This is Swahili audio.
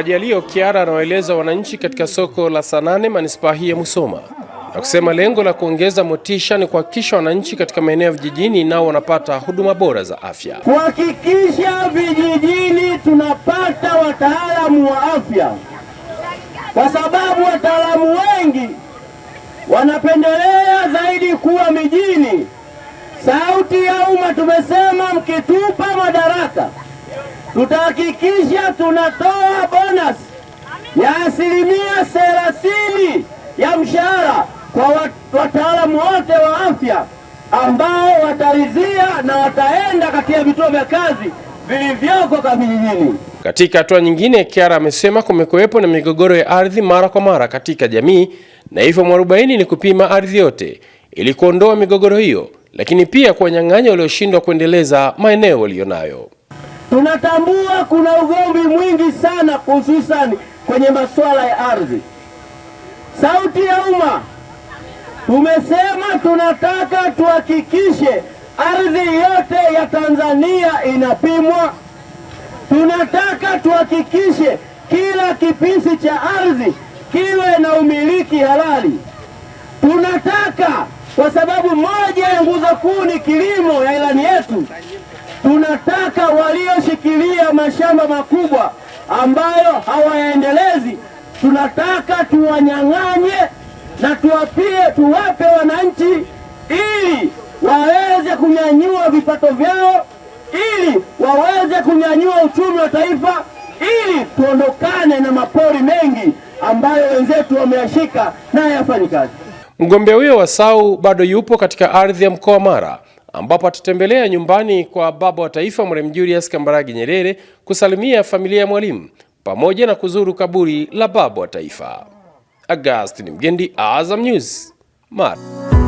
Majalio Kiara anawaeleza wananchi katika soko la Sanane manispaa hii ya Musoma na kusema lengo la kuongeza motisha ni kuhakikisha wananchi katika maeneo ya vijijini nao wanapata huduma bora za afya, kuhakikisha vijijini tunapata wataalamu wa afya, kwa sababu wataalamu wengi wanapendelea zaidi kuwa mijini. Sauti ya Umma tumesema mkitupa madaraka tutahakikisha tunatoa bonus ya asilimia thelathini ya mshahara kwa wataalamu wote wa afya ambao wataridhia na wataenda katika vituo vya kazi vilivyoko kavijijini. Katika hatua nyingine, kiara amesema kumekuwepo na migogoro ya ardhi mara kwa mara katika jamii na hivyo mwarobaini ni kupima ardhi yote ili kuondoa migogoro hiyo, lakini pia kuwanyang'anya walioshindwa kuendeleza maeneo waliyonayo Tunatambua kuna ugomvi mwingi sana hususani kwenye masuala ya ardhi. Sauti ya Umma tumesema tunataka tuhakikishe ardhi yote ya Tanzania inapimwa. Tunataka tuhakikishe kila kipisi cha ardhi kiwe na umiliki halali. Tunataka, kwa sababu moja ya nguzo kuu ni kilimo ya ilani yetu tunataka walioshikilia mashamba makubwa ambayo hawaendelezi, tunataka tuwanyang'anye na tuwapie, tuwape wananchi ili waweze kunyanyua vipato vyao, ili waweze kunyanyua uchumi wa taifa, ili tuondokane na mapori mengi ambayo wenzetu wameyashika na hayafanyi kazi. Mgombea huyo wa SAU bado yupo katika ardhi ya mkoa wa Mara ambapo atatembelea nyumbani kwa baba wa taifa Mwalimu Julius Kambarage Nyerere kusalimia familia ya Mwalimu pamoja na kuzuru kaburi la baba wa taifa. Augustine Mgendi, Azam News, Mara.